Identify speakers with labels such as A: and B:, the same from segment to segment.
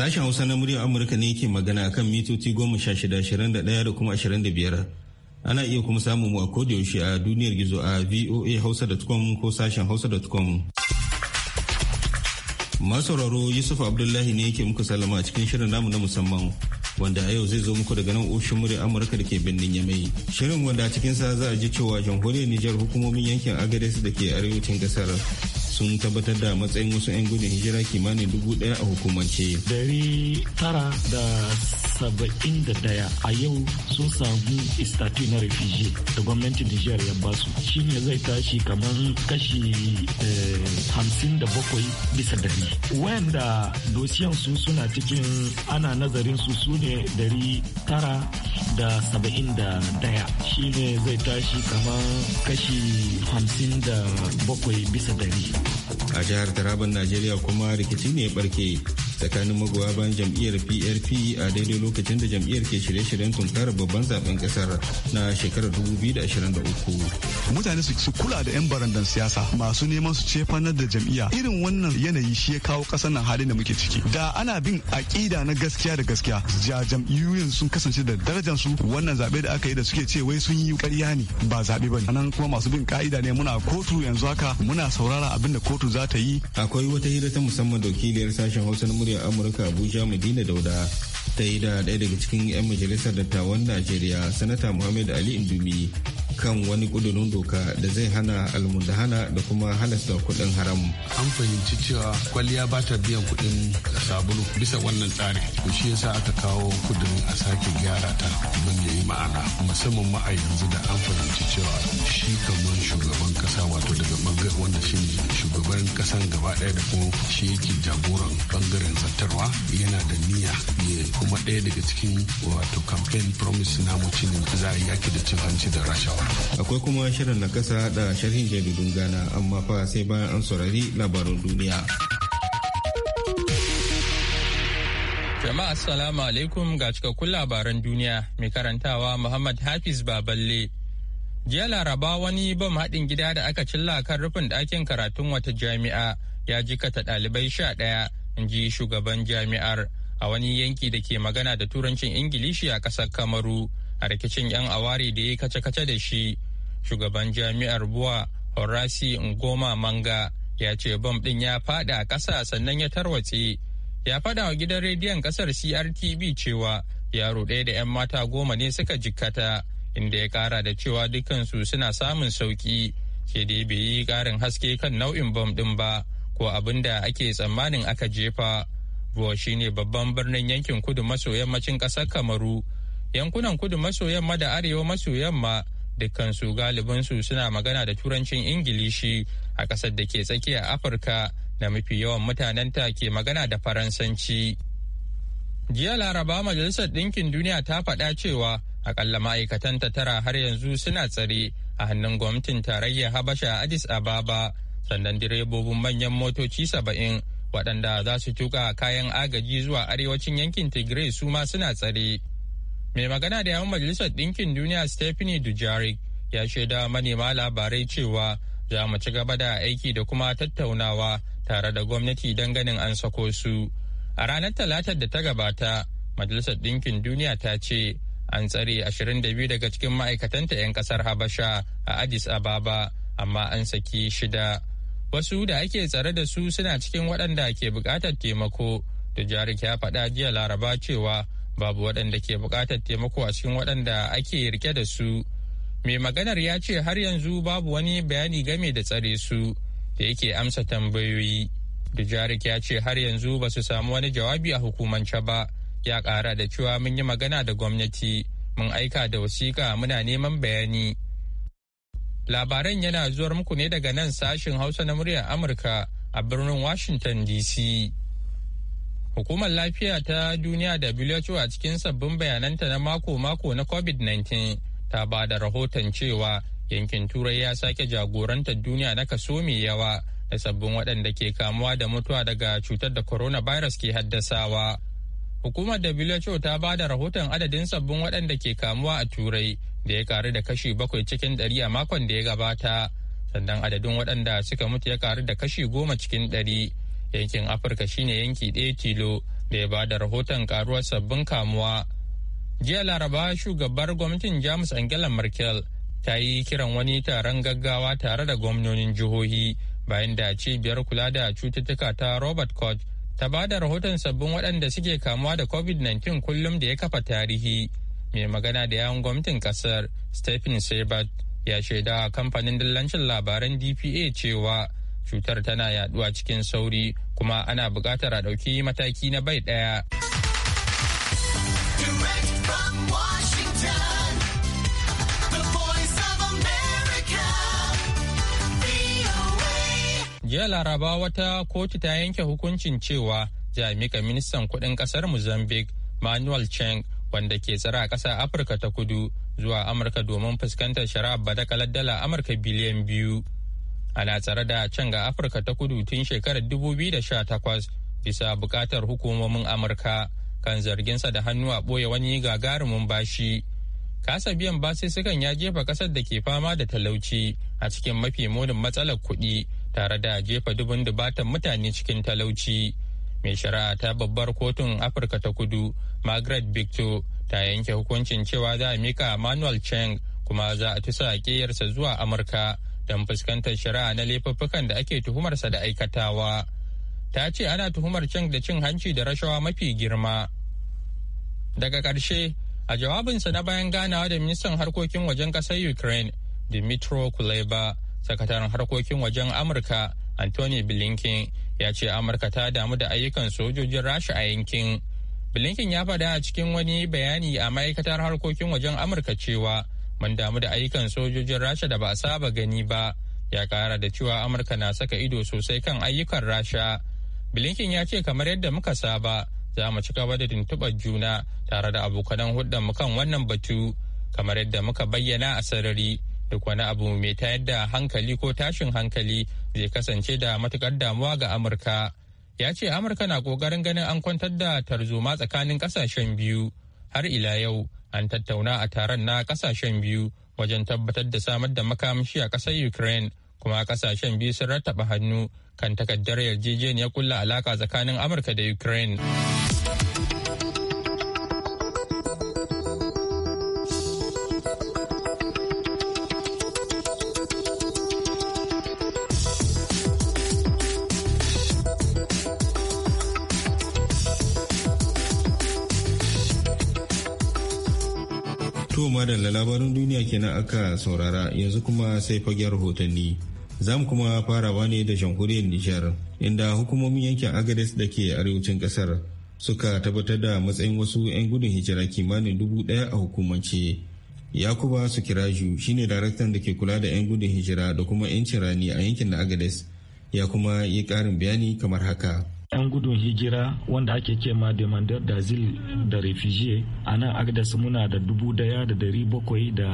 A: Sashen Hausa na muryar Amurka ne yake magana kan mitoci goma sha shida ashirin da ɗaya da kuma ashirin da biyar. Ana iya kuma samun mu a yaushe a duniyar gizo a voa hausa voahausa.com ko sashen hausa hausa.com. Masauraro Yusuf Abdullahi ne yake muku salama a cikin shirin namu na musamman. wanda a yau zai zo muku daga nan ofishin murya amurka da ke birnin yamai shirin wanda a cikinsa za a ji cewa jamhuriyar nijar hukumomin yankin Agadez da ke arewacin kasar sun tabbatar da matsayin wasu 'yan gudun hijira kimanin dubu daya a hukumance.
B: Dari tara da saba'in da daya a yau sun samu istatu na refugee da gwamnatin Nijar ya basu. Shi ne zai tashi kamar kashi eh, hamsin da bakwai bisa dari. Wanda dosiyan su suna cikin ana nazarin su su ne dari tara da saba'in da daya shine zai tashi kamar kashi hamsin da bakwai bisa dari
A: a jihar taraban najeriya kuma rikici ne barke tsakanin magoya bayan jam'iyyar PRP a daidai lokacin da jam'iyyar ke shirye-shiryen tunkarar babban zaben kasar na shekarar 2023.
C: Mutane su kula da 'yan barandan siyasa masu neman su cefanar da jam'iyya irin wannan yanayi shi ya kawo kasar nan halin da muke ciki. Da ana bin aƙida na gaskiya da gaskiya ja jam'iyyoyin sun kasance da darajar su wannan zaɓe da aka yi da suke ce wai sun yi ƙarya ne ba zaɓe ba ne. Nan kuma masu bin ka'ida ne muna kotu yanzu haka muna saurara abin da kotu za ta yi. Akwai wata hira ta musamman da wakiliyar sashen Hausa na murya
A: Amurka Abuja Madina Dauda. ta yi da ɗaya daga cikin 'yan majalisar dattawan najeriya sanata muhammad ali indumi kan wani ƙudurin doka da zai hana almundahana da kuma halasta kuɗin haram.
D: An fahimci cewa kwalliya ba ta biyan kuɗin sabulu bisa wannan tsari. To shi yasa aka kawo kuɗin a sake gyara ta don ya yi ma'ana. Musamman ma a yanzu da an fahimci cewa shi kamar shugaban kasa wato daga bangare wanda shi shugaban kasan gaba ɗaya da kuma shi yake jagoran bangaren zattarwa yana da niyya ya kuma ɗaya daga cikin wato campaign promise na mutum za a yaki da cin hanci da rashawa
A: akwai kuma shirin na kasa da sharhin jaridun Ghana amma fa sai bayan an saurari labaran duniya
E: jama'a assalamu alaikum ga cikakkun labaran duniya mai karantawa muhammad hafiz baballe jiya laraba wani bam haɗin gida da aka cilla kan rufin ɗakin karatun wata jami'a ya jikata ɗalibai sha ɗaya in ji shugaban jami'ar a wani yanki da ke magana da turancin ingilishi a ƙasar kamaru a rikicin 'yan aware da ya kace-kace da shi shugaban jami'ar buwa horasi ngoma manga ya ce bom ɗin ya fada a ƙasa sannan ya tarwatse ya fada wa gidan rediyon ƙasar crtv cewa yaro ɗaya da 'yan mata goma ne suka jikkata inda ya ƙara da cewa dukansu suna samun sauƙi sai dai bai yi ƙarin haske kan nau'in bom ɗin ba ko abin da ake tsammanin aka jefa. Buwa ne babban birnin yankin kudu maso yammacin ƙasar Kamaru. Yankunan kudu maso yamma da arewa maso yamma dukkansu galibinsu suna magana da turancin Ingilishi a ƙasar da ke tsakiyar Afirka da mafi yawan mutanenta ke magana da Faransanci. Jiya Laraba Majalisar Ɗinkin Duniya ta faɗa cewa akalla ma'aikatan ta tara har yanzu suna tsare a hannun gwamnatin tarayyar Habasha Addis Ababa sannan direbobin manyan motoci saba'in waɗanda za su tuka kayan agaji zuwa arewacin yankin tigray su ma suna tsare mai magana da yawan majalisar ɗinkin duniya stephanie dujarik ya shaida manema labarai cewa za mu ci gaba da aiki da kuma tattaunawa tare da gwamnati don ganin an sako su a ranar talatar da ta gabata majalisar ɗinkin duniya ta ce an tsare 22 daga cikin ma'aikatanta 'yan kasar habasha a addis ababa amma an saki shida wasu da ake tsare da su suna cikin waɗanda ke buƙatar taimako dujarik ya faɗa jiya laraba cewa babu waɗanda ke buƙatar taimako a cikin waɗanda ake rike da su mai maganar ya ce har yanzu babu wani bayani game da tsare su da yake amsa tambayoyi dujarik ya ce har yanzu ba su samu wani jawabi a hukumance ba ya ƙara da cewa mun yi magana da gwamnati mun aika da wasiƙa muna neman bayani Labaran yana zuwar muku ne daga nan sashin Hausa na muryar Amurka a birnin Washington DC. Hukumar lafiya ta duniya da WHO a cikin sabbin bayananta na mako-mako na COVID-19 ta ba da rahoton cewa yankin Turai ya sake jagorantar duniya na kaso mai yawa da sabbin waɗanda ke kamuwa da mutuwa daga cutar da coronavirus ke haddasawa. Hukumar WHO ta ba da rahoton adadin sabbin waɗanda ke kamuwa a Turai da ya karu da kashi bakwai cikin ɗari a makon da ya gabata. Sannan adadin waɗanda suka mutu ya karu da kashi goma cikin ɗari. Yankin Afirka shine yanki ɗaya tilo da ya ba da rahoton karuwar sabbin kamuwa. Jiya Laraba shugabar gwamnatin Jamus Angela Merkel ta yi kiran wani taron gaggawa tare da gwamnonin jihohi bayan da biyar kula da cututtuka ta Robert Koch ta ba da rahoton sabbin waɗanda suke kamuwa da covid-19 kullum da ya kafa tarihi mai magana da yawon gwamnatin kasar stephen sebert ya shaida kamfanin dillancin labaran dpa cewa cutar tana yaduwa cikin sauri kuma ana buƙatar a ɗauki mataki na bai ɗaya. jiya laraba wata kotu ta yanke hukuncin cewa jami'a ministan kudin kasar mozambique manuel cheng wanda ke tsara ƙasar afirka ta kudu zuwa amurka domin fuskantar shari'ar badakalar dala amurka biliyan biyu ana tsare da can ga afirka ta kudu tun shekarar 2018 bisa bukatar hukumomin amurka kan zarginsa da hannu a ɓoye wani gagarumin bashi kasa biyan sukan ya jefa ƙasar da ke fama da talauci a cikin mafi munin matsalar kuɗi tare da jefa dubin dubatan mutane cikin talauci mai shari'a ta babbar kotun afirka ta kudu margaret victor ta yanke hukuncin cewa za a mika manuel cheng kuma za a tusa ƙeyarsa zuwa amurka don fuskantar shari'a na laifuffukan da ake tuhumarsa da aikatawa ta ce ana tuhumar cheng da cin hanci da rashawa mafi girma daga ƙarshe a jawabinsa na bayan ganawa da ministan harkokin wajen ƙasar ukraine dimitro kuleba sakataren harkokin wajen amurka anthony blinken ya ce amurka ta damu da ayyukan sojojin rasha a yankin blinken ya faɗa a cikin wani bayani a ma'aikatar harkokin wajen amurka cewa mun damu da ayyukan sojojin rasha da ba a saba gani ba ya kara da cewa amurka na saka ido sosai kan ayyukan rasha blinken ya ce kamar yadda muka saba za mu ci gaba da tuntuɓar juna tare da abokanan mu kan wannan batu kamar yadda muka bayyana a sarari duk wani abu mai tayar da hankali ko tashin hankali zai kasance da matukar damuwa ga amurka ya ce amurka na kokarin ganin an kwantar da tarzoma tsakanin kasashen biyu har ila yau an tattauna a taron na kasashen biyu wajen tabbatar da samar da makamashi a kasar ukraine kuma kasashen biyu sun rattaba hannu kan takaddar yarjejeniyar kulla alaka tsakanin amurka da ukraine
A: labaran duniya kenan aka saurara yanzu kuma sai fagen rahotanni. Za mu kuma farawa ne da shankuriyar Nijar, inda hukumomin yankin Agades da ke arewacin kasar suka tabbatar da matsayin wasu 'yan gudun hijira kimanin dubu daya a hukumance. Yakuba Sukiraju shine daraktan da ke kula da 'yan gudun hijira da kuma 'yancin rani a yankin na Agades ya kuma yi karin bayani kamar haka.
B: 'yan gudun hijira wanda ake kema da d'asile da refugee a nan agdas muna da dubu daya da dari bakwai da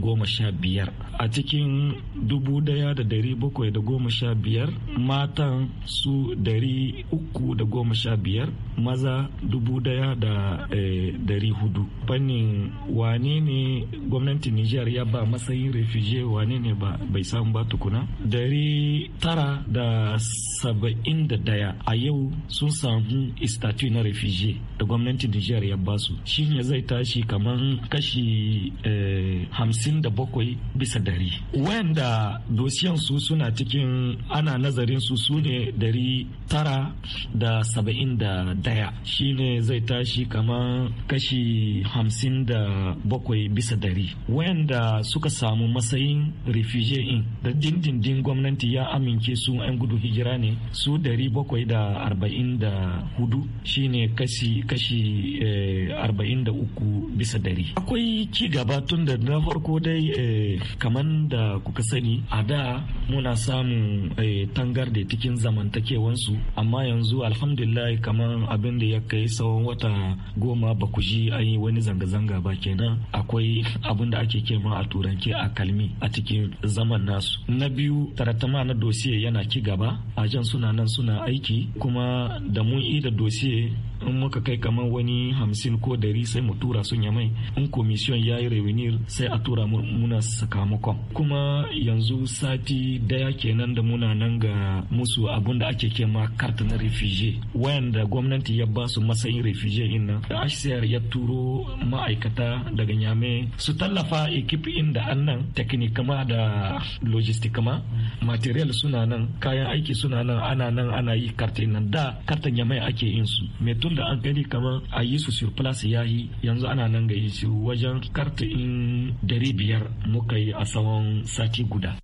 B: goma sha biyar a cikin dubu daya da dari bakwai da goma sha biyar matan su dari uku da goma sha biyar maza dubu daya da eh, dari hudu fannin wane ne gwamnatin nijar ya ba matsayin refugee wane ne ba bai samu ba tukuna dari tara da saba'in da daya a yau sun samu istatu na refugee da gwamnati nijar ya ba su shi ne zai tashi kamar kashi eh, hamsin da bakwai bisa dari wayanda dosiyan su suna cikin ana nazarin su su ne dari tara da saba'in da daya shine zai tashi kamar kashi hamsin da bakwai bisa dari wayanda suka samu matsayin refugee in da dindindin gwamnati ya amince su 'yan gudu hijira ne su dari bakwai da arba'in da hudu shine kashi kashi eh, arba'in da uku bisa dari akwai ci gaba tun da na farko dai eh, kamar da kuka sani a da muna samun eh, tangar da cikin zamantakewansu amma yanzu alhamdulillah kamar abin da ya kai tsawon wata goma ba ku ji an yi wani zanga-zanga ba kenan akwai abin da ake kema a turanci a kalmi a cikin zaman nasu na biyu taratama na dosiye yana ki gaba ajan suna nan suna aiki kuma da mun da dosiye in muka kai kamar wani hamsin ko dari sai mu tura su yamai in komisiyon ya yi revenir sai a tura muna sakamakon kuma yanzu sati daya kenan da muna nan ga musu abun da ake kema karta na refugee wayanda gwamnati ya ba su matsayin refugee in nan da HCR ya turo ma'aikata daga nyame su tallafa ekip in da annan teknikama da logistikama material suna nan kayan aiki suna nan ana nan ana yi karta nan da karta nyamai ake yin su abun da an gani kamar a yi su surplus ya yi yanzu ana nan ga su wajen karta in dari biyar muka yi a tsawon sati guda.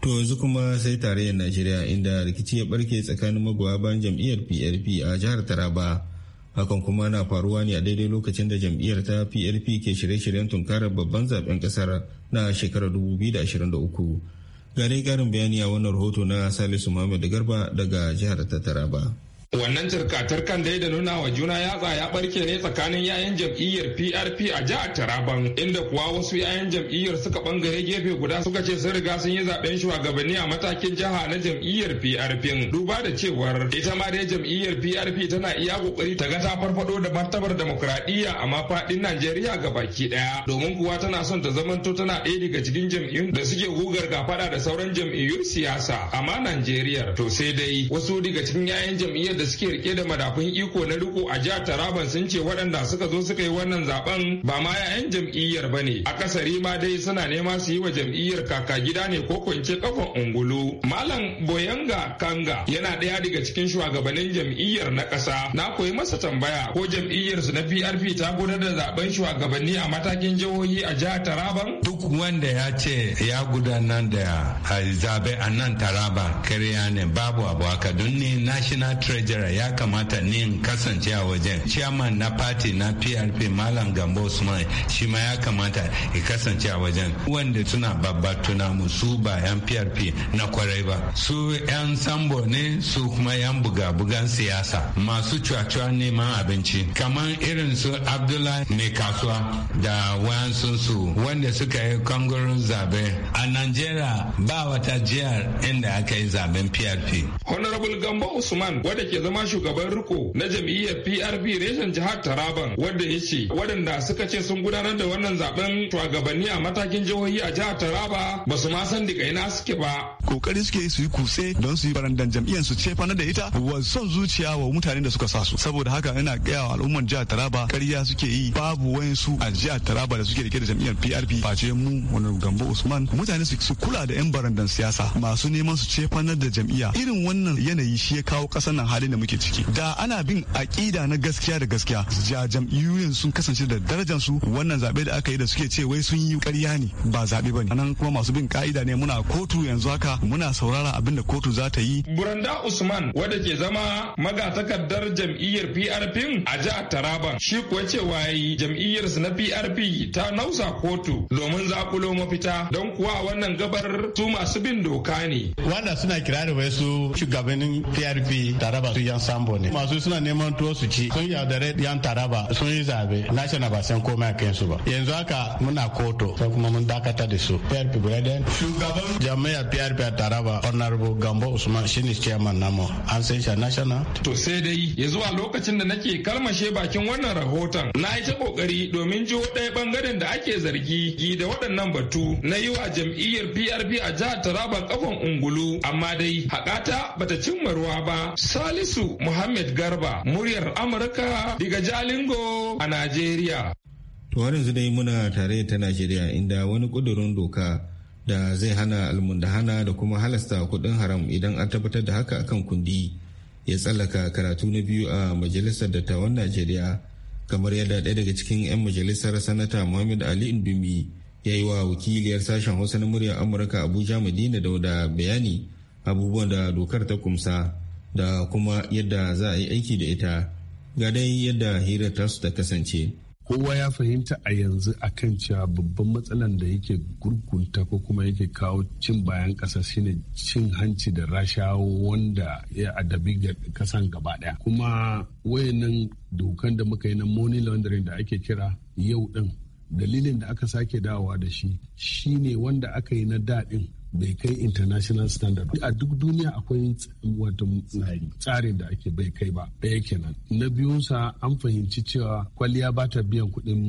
A: To yanzu kuma sai tarayyar Najeriya inda rikici ya barke tsakanin magoya bayan jam'iyyar PRP a jihar Taraba. Hakan kuma na faruwa ne a daidai lokacin da jam'iyyar ta PRP ke shirye-shiryen tunkarar babban zaben kasar na shekarar 2023. Gare karin bayani a wannan rahoto na Salisu Muhammad Garba daga jihar ta Taraba.
F: Wannan kan dai da nuna wa juna yatsa ya barke ne tsakanin yayan jam'iyyar PRP a jihar Taraban inda kuwa wasu yayan jam'iyyar suka bangare gefe guda suka ce sun riga sun yi zaben shugabanni a matakin jiha na jam'iyyar PRP duba da cewar ita ma dai jam'iyyar PRP tana iya kokari ta ga ta farfado da martabar demokradiyya a mafaɗin Najeriya ga baki daya domin kuwa tana son ta zamanto tana ɗaya daga cikin jam'iyyun da suke gugar gafada da sauran jam'iyyun siyasa amma Najeriya to sai dai wasu daga cikin yayan jam'iyyar da suke rike da madafun iko na riko a jihar Taraban sun ce waɗanda suka zo suka yi wannan zaben ba ma 'ya'yan jam'iyyar ba ne. Akasari ma dai suna nema su yi wa jam'iyyar kaka gida ne ko kwance kafan ungulu. Malam Boyanga Kanga yana ɗaya daga cikin shugabannin jam'iyyar na ƙasa. Na koyi masa tambaya ko jam'iyyar su na PRP ta gudanar da zaben shugabanni a matakin jihohi a jihar Taraban. Duk wanda ya ce ya gudanar da zabe a nan Taraba kariya ne babu abu haka don ne National Treasury jira ya kamata ni in kasance a wajen chairman na party na prp malam gambo usman shi ma ya kamata ya kasance a wajen wanda suna babba tuna su ba yan prp na kwarai ba su yan sambo ne su kuma yan buga-bugan siyasa masu cuwa neman abinci kamar irin su abdullahi mai kasuwa da wayansu su wanda suka yi kangaroo zabe a nigeria ba wata jihar inda aka yi
D: zaben prp
F: honorable gambo usman wadda ke ya zama shugaban riko na jam'iyyar PRP reshen jihar Taraban wanda ya ce waɗanda suka ce sun gudanar da wannan zaben shugabanni a matakin jihohi a jihar Taraba ba su ma san daga ina suke ba.
C: Kokari suke su yi kutse don su yi barandan jam'iyyar su ce da ita wa son zuciya wa mutanen da suka sa su saboda haka yana gaya al'ummar jihar Taraba ƙarya suke yi babu wayansu a jihar Taraba da suke rike da jam'iyyar PRP face mu wani gambo Usman mutane su kula da 'yan barandan siyasa masu neman su ce da jam'iyya irin wannan yanayi shi ya kawo ƙasar nan hali halin da muke ciki da ana bin aƙida na gaskiya da gaskiya ja jam'iyyun sun kasance da darajar su wannan zaɓe da aka yi da suke ce wai sun yi ƙarya ne ba zabe bane. Anan kuma masu bin ka'ida ne muna kotu yanzu haka muna saurara abin da kotu za ta yi buranda usman
F: wadda ke zama
C: magatakardar jam'iyyar PRP
F: a jihar taraba shi kuwa cewa yayi jam'iyyar su na PRP ta nausa kotu domin zakulo mafita don kuwa wannan gabar su masu bin doka ne wanda suna kirari
G: wai su shugabannin PRP Taraba su yan sambo ne masu suna neman tuwo su ci sun yaudare yan taraba sun yi zabe national ba san komai a ba yanzu haka muna koto sai kuma mun dakata da su prp braden shugaban jami'ar prp a taraba honorable gambo usman ne chairman namo an san shi national
F: to sai dai ya zuwa lokacin da nake kalmashe bakin wannan rahoton na yi ta kokari domin jiho ɗaya bangaren da ake zargi da waɗannan batu na yi wa jam'iyyar prp a jihar taraba kafan ungulu amma dai haƙata bata cimma ruwa ba salis Salisu Muhammad Garba, muryar Amurka daga Jalingo a
A: Najeriya. To yanzu dai muna tare ta Najeriya inda wani ƙudurin doka da zai hana almundahana da kuma halasta kuɗin haram idan an tabbatar da haka akan kundi ya tsallaka karatu na biyu a majalisar dattawan Najeriya kamar yadda ɗaya daga cikin 'yan majalisar sanata Muhammad Ali Indumi ya yi wa wakiliyar sashen Hausa na muryar Amurka Abuja Madina Dauda bayani abubuwan da dokar ta kumsa. da kuma yadda za a yi aiki da ita ga dai yadda ta su ta kasance.
D: kowa ya fahimta a yanzu a kan cewa babban matsalan da yake gurgunta ko kuma yake kawo cin bayan ƙasa shine cin hanci da rashawa wanda ya adabi ga ƙasan gaba ɗaya kuma wayannan dokan da muka yi na money laundering da ake kira yau ɗin dalilin da aka sake dawowa da shi shine wanda aka yi na daɗin bai kai international standard a duk duniya akwai wata tsarin da ake bai kai ba ɗaya kenan na biyunsa an fahimci cewa kwalliya ba ta biyan kuɗin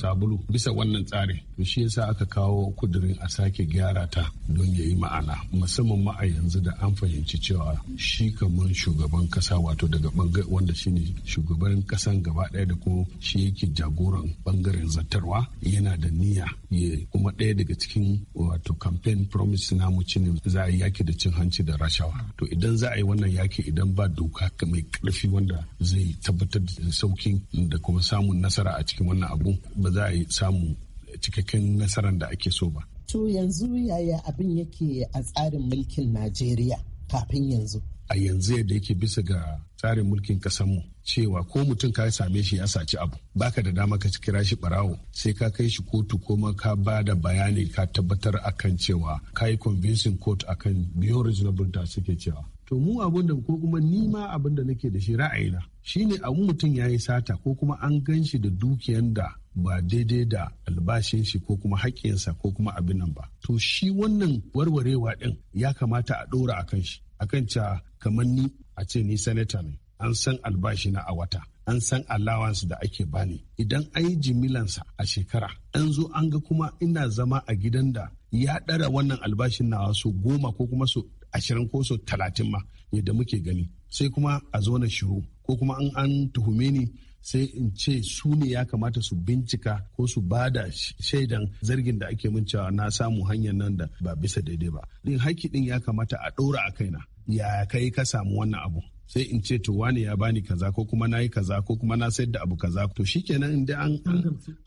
D: sabulu bisa wannan tsarin to shi yasa aka kawo kudirin a sake gyara ta don yayi ma'ana musamman ma a yanzu da an fahimci cewa shi kamar shugaban kasa wato daga bangare wanda shine shugaban kasan gaba ɗaya da kuma shi yake jagoran bangaren zartarwa yana da niyya ya kuma ɗaya daga cikin wato campaign promise suna namu cin za a yi yaki da cin hanci da rashawa to idan za a yi wannan yaki idan ba doka mai karfi wanda zai tabbatar da saukin da kuma samun nasara a cikin wannan abu ba za a yi samu cikakken nasarar da ake so ba to yanzu yaya abin yake a tsarin mulkin najeriya kafin yanzu a yanzu yadda yake bisa ga tsarin mulkin kasanmu cewa ko mutum ka same shi ya saci abu baka da dama ka kira shi barawo sai ka kai shi kotu kuma ka ba da bayani ka tabbatar akan cewa ka yi convincing court akan biyo reasonable da suke cewa to mu abin da ko kuma ni ma abin da nake da shi ra'ayina shine abun mutum ya yi sata ko kuma an gan shi da dukiyan da ba daidai da albashin shi ko kuma haƙƙinsa ko kuma abin nan ba to shi wannan warwarewa ɗin ya kamata a ɗora a kan shi akan ca kamar ni a ce ni sanata ne an san albashi na a wata an san allowance da ake bani idan an yi jimilansa a shekara an zo an ga kuma ina zama a gidan da ya ɗara wannan albashin nawa su goma ko kuma su ashirin ko su talatin ma yadda muke gani sai kuma a zo na shiru ko kuma an an tuhume ni sai in ce su ne ya kamata su bincika ko su ba da shaidan zargin da ake min cewa na samu hanyar nan da ba bisa daidai ba din haƙƙi din ya kamata a ɗora a kaina ya kai ka samu wannan abu sai in ce to wani ya bani kaza ko kuma na yi kaza ko kuma na sayar da abu kaza to shikenan in dai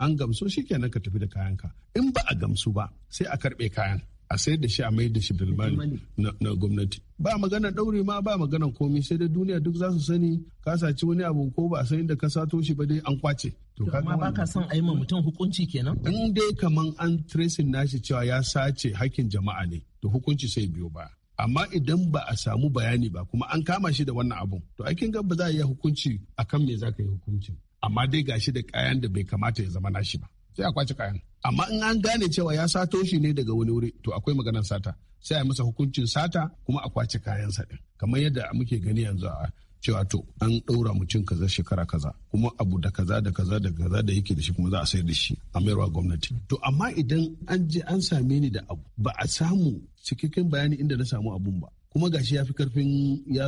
D: an gamsu shikenan ka tafi da kayanka in ba a gamsu ba sai a karɓe kayan a sayar da shi a mayar da shi bilmani na gwamnati ba maganar ɗaure ma ba maganar komai. sai dai duniya duk za su sani ka saci wani abu ko ba a san inda ka sato shi ba dai an kwace to ba ka san a ma mutum hukunci kenan in dai kaman an tracing nashi cewa ya sace hakkin jama'a ne to hukunci sai biyo ba amma idan ba a samu bayani ba kuma an kama shi da wannan abun to kin ga ba za a yi hukunci akan me za ka yi hukunci? amma dai gashi da kayan da bai kamata ya zama nashi ba sai a kwace kayan amma in an gane cewa ya sato shi ne daga wani wuri to akwai maganar sata sai a masa hukuncin sata kuma a kwace kayansa din kamar yadda muke gani yanzu a cewa to an ɗaura mutum kaza shekara kaza kuma abu da kaza da kaza da kaza da yake da shi kuma za a sayar da shi a mayarwa gwamnati to amma idan an je an same ni da abu ba a samu cikakken bayani inda na samu abun ba kuma gashi ya fi karfin ya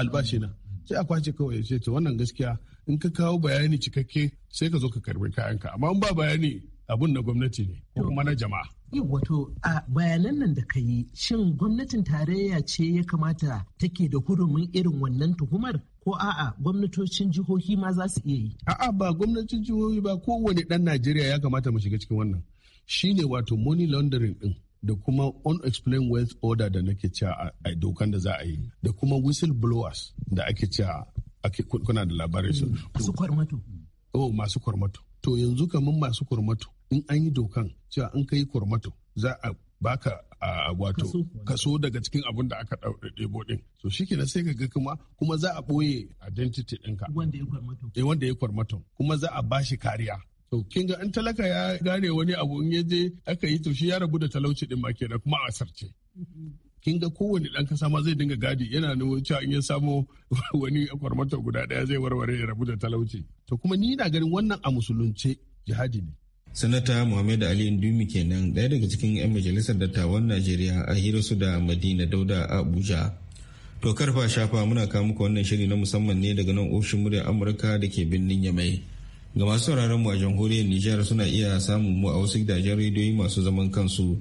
D: albashina sai a kwace kawai sai to wannan gaskiya in ka kawo bayani cikakke sai ka zo ka karbi kayanka amma ba bayani abun na gwamnati ne ko kuma na jama'a
H: wato a bayanan nan da ka yi shin gwamnatin tarayya ce ya kamata take da hurumin irin wannan tuhumar ko a'a gwamnatocin jihohi ma za su
D: iya yi a'a ba gwamnatin jihohi ba kowane dan najeriya ya kamata mu shiga cikin wannan shine wato money laundering din da kuma unexplained wealth order da nake cewa a dokan da za a yi da kuma whistle blowers da ake cewa kuna da labarin su. Mm. Masu kwarmato. Oh, masu kwarmato. To yanzu kamar masu kwarmato in an yi dokan cewa an kai kwarmato za a baka a wato kaso daga cikin abin da aka ɗebo ɗin. So shi kenan sai ga kuma kuma za a ɓoye identity ɗinka. Wanda ya kwarmato. Eh wanda ya kwarmato kuma za a bashi kariya. To kin ga in talaka ya gane wani abu in ya je aka yi to shi ya rabu da talauci ɗin ma kenan kuma a sarce. Mm-hmm. kin ga kowane dan kasa ma zai dinga gadi yana nuna cewa in ya samo wani kwarmata guda daya zai warware ya rabu da talauci to kuma ni na ganin wannan a musulunce jihadi ne sanata muhammad ali indumi
A: kenan daya daga cikin yan majalisar dattawan najeriya a hira su da madina dauda abuja to karfa shafa muna kawo muku wannan shiri na musamman ne daga nan ofishin muryar amurka da ke birnin yamai ga masu sauraron mu a jamhuriyar nijar suna iya samun mu a wasu gidajen rediyoyi masu zaman kansu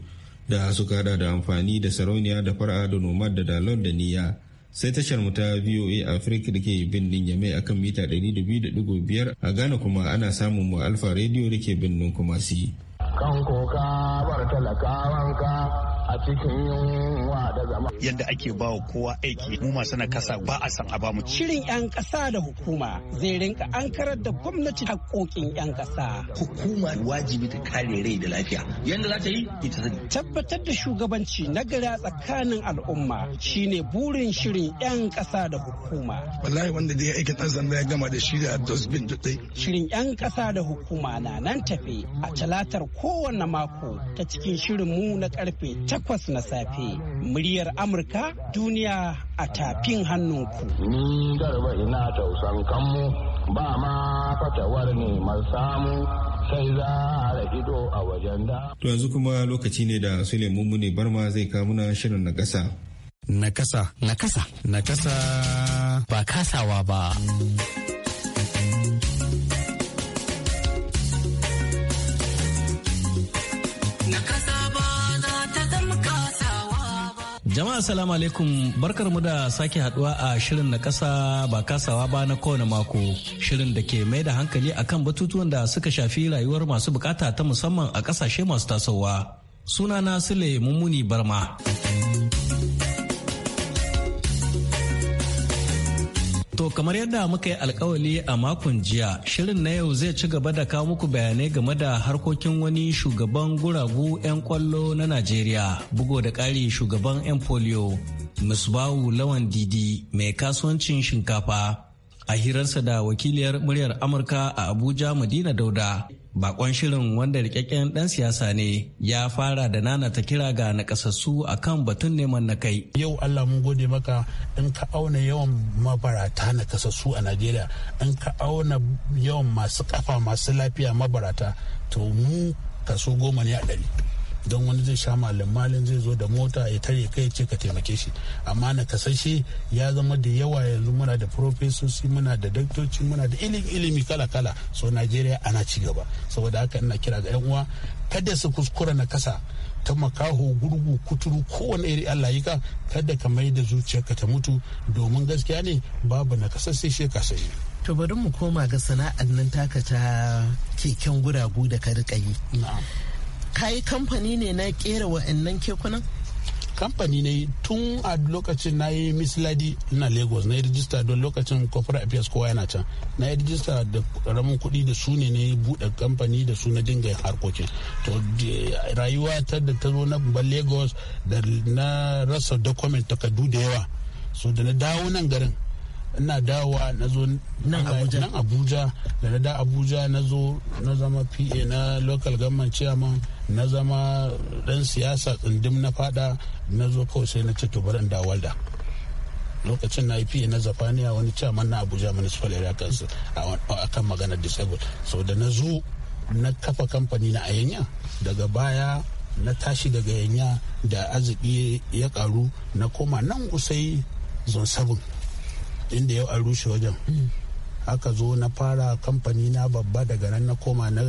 A: da suka da amfani da sarauniya da far'a da nomad da dalon da niyya sai tashar mu ta VOA Africa da ke birnin a kan mita 200.5 a Ghana kuma ana samun mu Alfa Radio da ke birnin Kumasi.
B: Kan koka
G: bar talakawanka a cikin yunwa da zama. Yadda ake ba wa kowa
H: aiki mu masu kasa ba a san a bamu. Shirin 'yan ƙasa da hukuma zai rinka ankarar da gwamnati haƙoƙin 'yan ƙasa. Hukuma wajibi ta kare rai da lafiya. Yadda za ta yi ita zai. Tabbatar da shugabanci na gari tsakanin al'umma shine
C: burin shirin 'yan ƙasa da hukuma. Wallahi wanda dai aikin ɗan sanda ya gama da shi da dosbin dutsai.
H: Shirin 'yan ƙasa da hukuma na nan tafe a talatar kowanne mako ta cikin shirin mu na karfe ta takwas na safe. Muryar Amurka duniya a tafin hannunku. Ni garba ina tausan kanmu ba ma
A: fatawar neman samu sai za a ido a wajen da. To yanzu kuma lokaci ne da Sule Mummune Barma zai kamuna shirin na Na kasa
H: Na kasa Na kasa Ba kasawa ba. Jama'a salamu alaikum barkar mu da sake haduwa a shirin na kasa ba kasawa ba na kowane mako shirin da ke mai da hankali akan batutuwan da suka shafi rayuwar masu bukata ta musamman a kasashe masu tasowa sunana Sule Mummuni Barma. To kamar yadda muka yi alkawali a makon jiya, shirin na yau zai ci gaba da kawo muku bayanai game da harkokin wani shugaban guragu 'yan kwallo na Najeriya, bugo da ƙari shugaban 'yan polio, Musbahu Lawan Didi mai kasuwancin shinkafa. a hirarsa da wakiliyar muryar amurka a abuja madina dauda bakon shirin wanda rikakken dan siyasa ne ya fara da nana ta kira ga nakasassu akan batun neman na kai yau allah mun gode
G: maka in ka auna yawan mabarata nakasassu a najeriya in ka auna yawan masu kafa masu lafiya mabarata to mu kaso goma ne a ɗari don wani zai sha malam malin zai zo da mota ya tare kai ce ka taimake shi amma na kasashe ya zama da yawa yanzu muna da profesoci muna da daktoci muna da ilimi kala kala so najeriya ana ci gaba saboda haka ina kira ga yan uwa kada su kuskura na kasa ta makaho gurgu kuturu kowane iri allah yi ka kada ka mai da zuciyarka ta mutu domin gaskiya ne babu na kasashe shi ka sai to bari mu koma ga sana'ar nan taka ta keken guragu da ka rikayi yi kai kamfani ne na kera wa'annan kekunan kamfani ne tun a lokacin na yi misladi na lagos na yi rijista don lokacin corporate affairs kowa yana can na yi rijista da ramin kuɗi da su ne na buɗe kamfani da su na dinga harkokin to rayuwa ta da ta zo na lagos da na rasa document takardu da yawa so da na dawo nan garin ina dawowa na zo nan abuja da na da abuja na zo na zama pa na local government chairman na zama dan siyasa tsindim na fada na zo kawai sai na ci to bari da walda lokacin na yi na zafaniya wani chairman na abuja municipal area council a kan magana disabled sau da na zo na kafa kamfani na ayanya daga baya na tashi daga yanya da arziki ya karu na koma nan usai zon sabon inda yau an rushe wajen mm. aka zo na fara kamfani na babba daga nan na koma na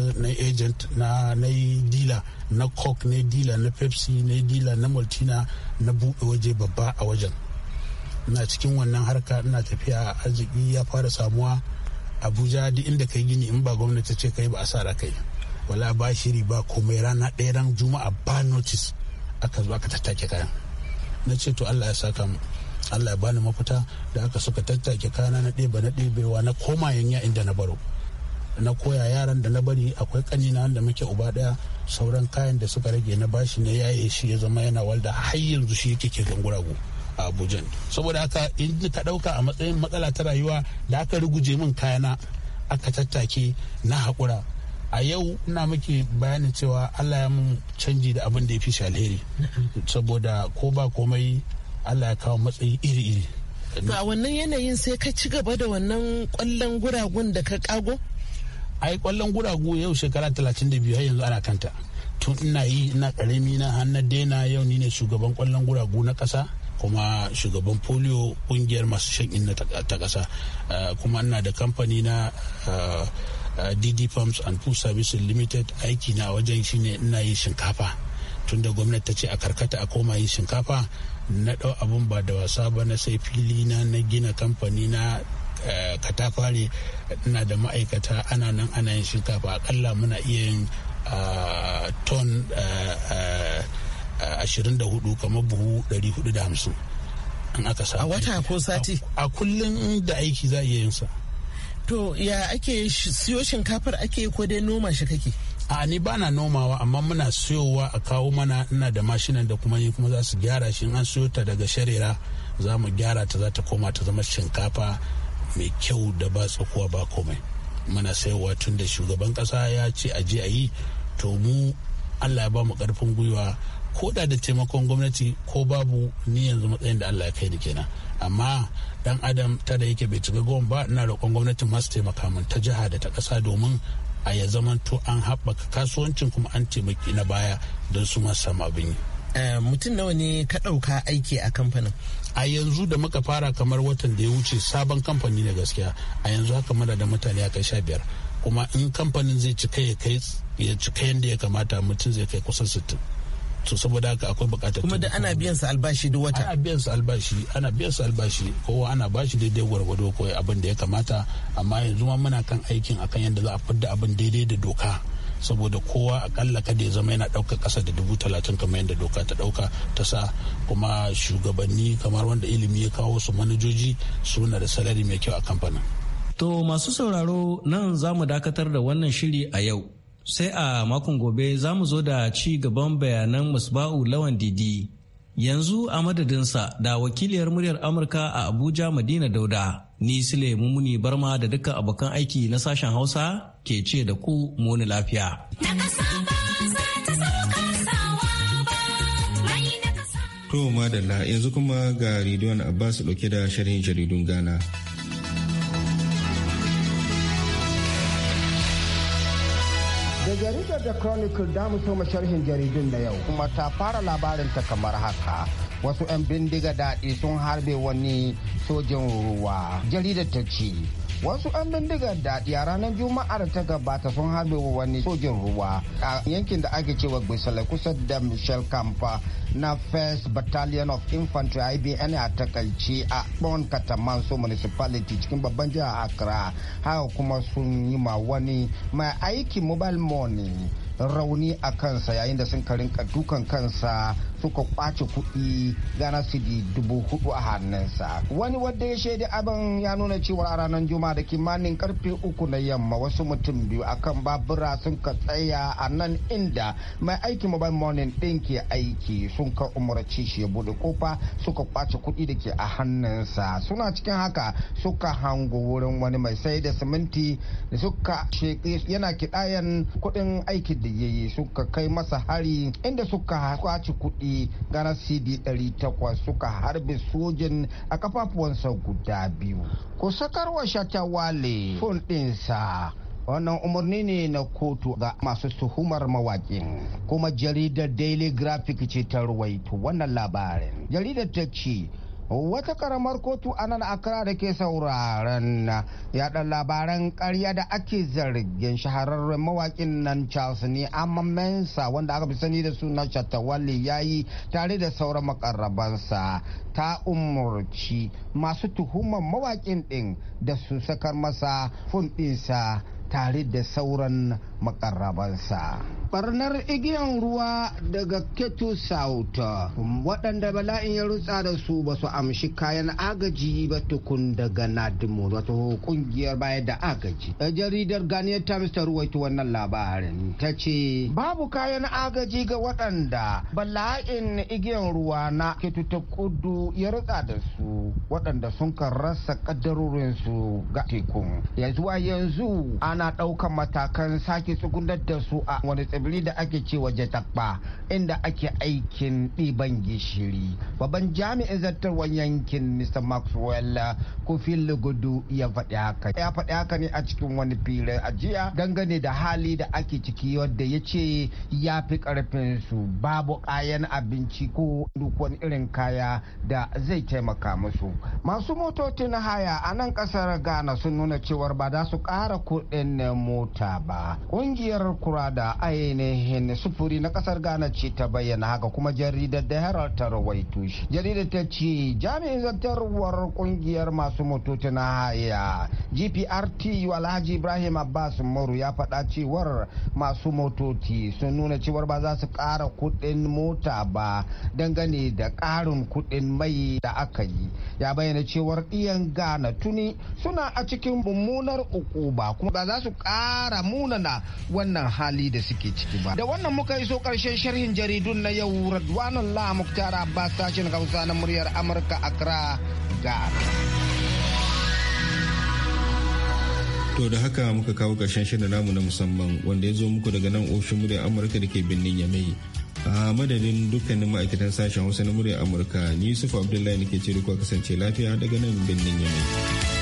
G: agent na na dila na coke na dila na pepsi na dila na maltina na buɗe waje babba a wajen na cikin wannan harka ina tafiya arziki ya fara samuwa abuja duk inda kai gini in ba gwamnati ce kai ba a sa kai wala ba shiri ba komai rana ɗaya ran juma'a ba notice aka zo aka tattake kayan na ce to allah ya saka mu allah ya bani mafita da aka suka tattake kana na ɗeba na ɗebewa na koma yanya inda na baro na koya yaran da na bari akwai kanina da muke uba ɗaya sauran kayan da suka rage na bashi na yaye shi ya zama yana walda har yanzu shi yake ke gangurago a abuja saboda haka in ka ɗauka a matsayin matsala ta rayuwa da aka ruguje min kayana aka tattake na haƙura a yau ina muke bayanin cewa allah ya mun canji da abin da ya fi alheri saboda ko ba komai Allah ya kawo matsayi iri-iri.
H: To a wannan yanayin sai ka ci gaba da wannan kwallon guragun da ka kago?
G: Ai kwallon guragu yau shekara talatin da biyu yanzu ana kanta. Tun ina yi ina karami na hannar daina yau ni ne shugaban kwallon guragu na kasa. kuma shugaban polio kungiyar masu shan inna ta kasa eh, kuma ina da kamfani na dd eh, eh, pumps and food services limited aiki na wajen shine ina yin shinkafa tunda gwamnati ta ce a karkata a koma yin shinkafa na ɗau abun ba da wasa ba na sai fili na na gina kamfani na eh, katafare na da ma'aikata ana nan ana yin shinkafa akalla muna iya yin ah, ton 24 eh, eh, kamar buhu 450 in aka sa. a wata ko sati a kullum da aiki za a iya yin sa to ya ake siyo shinkafar ake ko dai noma shi kake a ni ba na nomawa amma muna siyowa a kawo mana ina da mashinan da kuma yi kuma za su gyara shi an siyo ta daga sharira za mu gyara ta za ta koma ta zama shinkafa mai kyau da ba tsakuwa ba komai muna sayowa tun da shugaban kasa ya ce a je a yi to mu allah ya ba mu karfin gwiwa ko da da taimakon gwamnati ko babu ni yanzu matsayin da allah ya kai ni kenan amma dan adam tada yake bai cika gwam ba ina roƙon gwamnatin masu taimaka min ta jiha da ta ƙasa domin a ya zamanto an haɓaka kasuwancin kuma an taimaki na baya don su ma samu abin yi. Eh, mutum nawa ne ka ɗauka aiki a kamfanin a yanzu da muka fara kamar watan da ya wuce sabon kamfani ne gaskiya a yanzu haka muna da mutane a kai sha biyar kuma in kamfanin zai cika ya kai ya cika yadda ya kamata mutum zai kai kusan sittin to saboda haka akwai bukatar kuma da ana biyan su albashi duk wata ana biyan su albashi ana biyan su albashi kowa ana bashi daidai gwargwado ko abin da ya kamata amma yanzu ma muna kan aikin akan yadda za a fidda abin daidai da doka saboda kowa akalla kada ya zama yana ɗauka kasa da dubu talatin kamar yadda doka ta ɗauka ta sa kuma shugabanni kamar wanda ilimi ya
H: kawo su manajoji suna da salari mai kyau a kamfanin. To masu sauraro nan za mu dakatar da wannan shiri a yau sai a makon gobe za mu zo da ci gaban bayanan musba'u lawan didi yanzu a madadinsa da wakiliyar muryar amurka a abuja madina dauda ni sile mumuni barma da duka abokan aiki na sashen hausa ke ce da ku muni lafiya
A: to madalla yanzu kuma ga ridwan abbas dauke da sharhin jaridun ghana
I: jaridar da chronicle da mu soma sharhin jaridun na yau kuma ta fara labarin ta kamar haka wasu 'yan bindiga daɗi sun harbe wani sojin ruwa jaridar ta ce wasu 'yan bindigar daɗi a ranar juma'ar ta gabata sun harbe wani sojin ruwa a yankin da ake cewa gwisala kusa da michel kampa na first battalion of infantry ibn a takaici a bon katamanso municipality cikin babban jihar accra haka kuma sun yi ma wani mai aiki mobile money rauni a kansa yayin da sun karinka dukan kansa suka kwace kuɗi gana su di dubu hudu a hannunsa wani wadda ya shaida abin ya nuna cewa a ranar juma'a da kimanin karfe uku na yamma wasu mutum biyu akan babura sun ka tsaya a nan inda mai aikin mobile morning din ke aiki sun ka umarci shi ya bude kofa suka kwace kuɗi da ke a hannunsa suna cikin haka suka hango wurin wani mai sai da siminti da suka yana kiɗayan kuɗin aikin da yayi suka kai masa hari inda suka kwace kuɗi yaƙi gana cd 800 suka harbe sojin a kafafuwansa guda biyu ku sakarwa shatawale fon ɗinsa wannan umarni ne na kotu ga masu tuhumar mawaƙin kuma jaridar daily graphic ce ta ruwaito wannan labarin jaridar ta ce wata karamar kotu a nan akra da ke sauraren yaɗa labaran karya da ake zargin shahararren mawaƙin nan charles ne amma mensa wanda aka fi sani da suna shatawalli ya yi tare da sauran makarabansa ta umarci masu tuhumar mawaƙin ɗin da su sakar masa fun ɗinsa tare da sauran makarabansa. barnar igiyan ruwa daga ketu south waɗanda bala'in ya rutsa da su ba su amshi kayan agaji ba tukun daga nadimu wato kungiyar baya da agaji A jaridar ghanaian times ta ruwaito wannan labarin ta ce babu kayan agaji ga waɗanda bala'in igiyan ruwa na ketu ta kudu ya rutsa da su waɗanda sun kan rasa kaddarorinsu ga tekun yanzu a yanzu ana ɗaukan matakan sake ake tsugunar da su a wani tsibiri da ake ce waje jatakba inda ake aikin ɗiban gishiri babban jami'in zartarwar yankin mr maxwell kofi gudu ya faɗi haka ya faɗi haka ne a cikin wani filin ajiya dangane da hali da ake ciki wadda ya ce ya fi ƙarfin su babu kayan abinci ko duk wani irin kaya da zai taimaka musu masu motocin haya a nan ƙasar ghana sun nuna cewar ba za su ƙara kuɗin mota ba Kungiyar kura da ainihin sufuri na kasar Ghana ce ta bayyana haka kuma jaridar da Herald ta rawaito shi. Jaridar ta ce jami'in zartarwar kungiyar masu motoci na haya GPRT Alhaji Ibrahim Abbas moro ya faɗa cewar masu motoci sun nuna cewar ba za su ƙara kuɗin mota ba dangane da ƙarin kuɗin mai da aka yi. Ya bayyana cewar iyan Ghana tuni suna a cikin mummunar uku ba kuma ba za su ƙara munana wannan hali da suke ciki ba da wannan muka so karshen sharhin jaridun na yau radwanan la muktar abbas sashen hausa na muryar amurka accra
A: ga to da haka muka kawo karshen shirin namu na musamman wanda ya zo muku daga nan ofishin muryar amurka da ke birnin yamai a madadin dukkanin ma'aikatan sashen hausa na muryar amurka ni yusuf abdullahi nake ce duka kasance lafiya daga nan birnin yamai